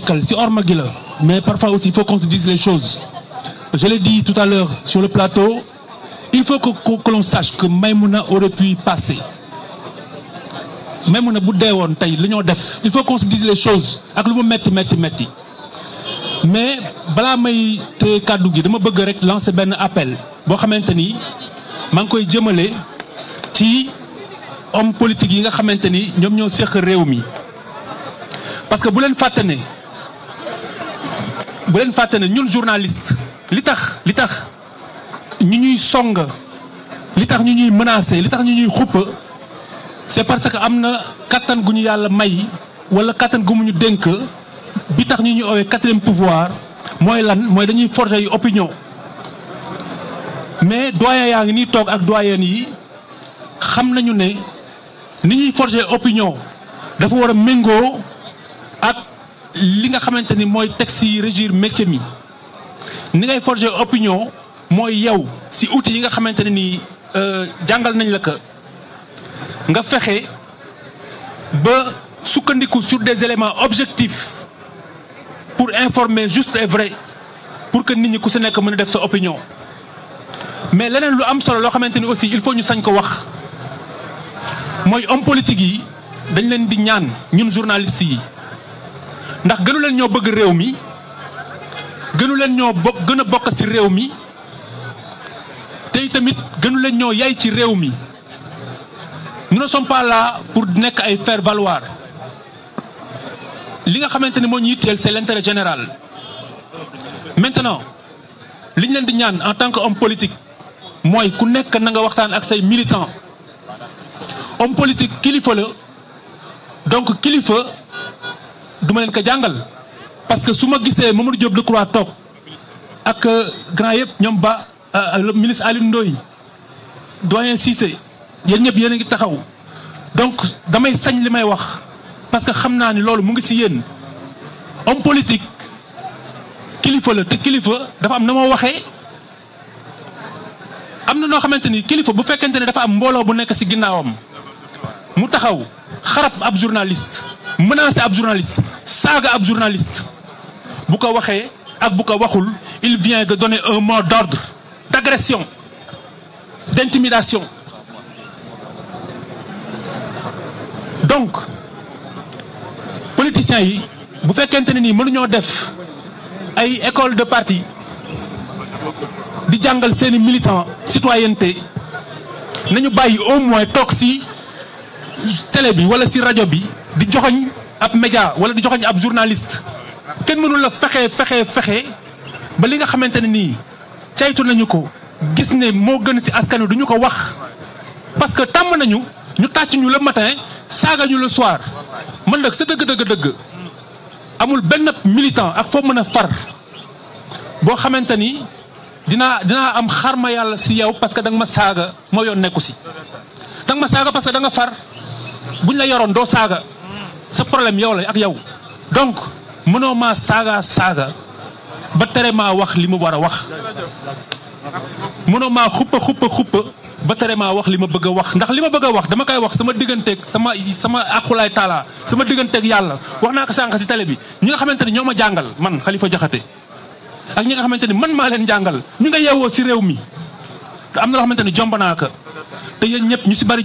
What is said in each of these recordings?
hors si Ormagila. Mais parfois aussi, il faut qu'on se dise les choses. Je l'ai dit tout à l'heure sur le plateau, il faut que, que, l'on sache que Maïmouna aurait pu passer. Maïmouna Boudéon, l'Union Def. Il faut qu'on se dise les choses. Mais, bala may téye kàddu gi dama bëgg rek lancer ben appel bo xamante ni ngi koy jëmale ci homme politique yi nga xamante ñom ñoo séq réew mi parce que bu len fatané bu leen fàtte ne ñun journaliste li tax li tax ñu ñuy song li tax ñu ñuy menacé li tax ñu ñuy xuppa c'est parce que am na kattan gu ñu yàlla may wala kattan gu mu ñu dénk bi tax ñu ñuy oowee quatrième pouvoir mooy lan mooy dañuy forger yu opinion mais doyen yaa ngi nii toog ak doyen yi xam nañu ne ni ñuy forger opinion dafa war a méngoo li nga xamanteni moy taxi texte régir métier mi ni ngay opinion si outil yi nga euh, sur des éléments objectifs pour informer juste et vrai pour que nit ñi ku opinion. mais lu am solo il faut ñu sañ ko wax homme politique yi dañ journalistes ndax gënu leen ñoo bëgg réew mi gënu leen ñoo bokk gën a bokk ci réew mi te tamit gënu leen ñoo yay ci réew mi nous ne sont pas là pour nekk ay faire valoir li nga xamante ni moo ñu yitteel c'est l'intérêt général maintenant li ñu leen di ñaan en tant que homme politique mooy ku nekk na nga waxtaan ak say militants homme politique kilifa la donc kilifa. duma len ko jangal parce que suma gisse gisee Mamadou Diop croix tok ak euh, grand yeb ñom ba euh, le ministre ali ndoy doyen Cissé yeen ñep yeen ngi taxaw donc damay sañ limay wax parce que xamna ni lolu mu ngi si yeen homme politique kilifa la te kilifa dafa am nama waxe amna am xamanteni kilifa bu fekkente dafa am mbolo bu nek ci ginnaawam mu taxaw xarab ab journaliste menacer ab journaliste saga ab journaliste bu ko waxé ak il vient de donner un mot d'ordre d'agression d'intimidation donc politiciens yi bu fekkente ni nii de def ay école de parti di jàngal seeni militant citoyenneté nañu bàyyi au moins toog ci télé bi wala ci radio. bi di joxogn ab media wala di joxogn ab journaliste ken mënul la fexé fexé fexé ba li nga xamanteni ni ciaytu nañu ko gis né mo gën si askanu duñu ko wax parce que tam nañu ñu tàcc ñu le matin saga ñu le soir man nak sa deug deug deug amul ben militant ak fo mën far bo xamanteni dina dina am xarma yalla ci yow parce que dang ma saga mo yon nekusi dang ma saga parce que da nga far buñ la yoron do saga sa problème yow la ak yow donc mëno ma saga saga ba téré ma wax li ma war wax mëno ma xuppa xuppa xuppa ba téré ma wax li ma bëgg wax ndax li ma bëgg wax dama kay wax sama digënté sama sama akulay tala sama ak yalla wax na ko sank ci télé bi ñi nga xamanteni ñoma jangal man khalifa jaxate ak ñi nga xamanteni man ma leen jangal ñu nga yewoo ci réew mi am lo xamanteni jombana ka jomb te ñu ci bari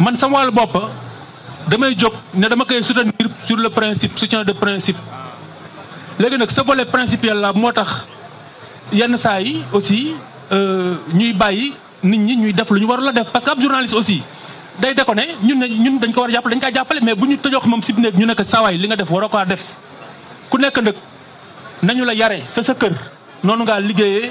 man sama wàllu bopp damay jóg ne dama koy soutenir sur le principe soutien de principe léegi nag ce volet principiel la moo tax yenn saa yi aussi euh, ñuy bàyyi nit ñi ñuy def lu ñu war la def parce que ab journaliste aussi day déconné ñun ne ñun dañ ko war a jàppale dañ kaa jàppale mais bu ñu tëjoo moom si ñu nekk saway li nga def waroo ko def ku nekk nag nañu la yare sa sa kër noonu ngaa liggéeyee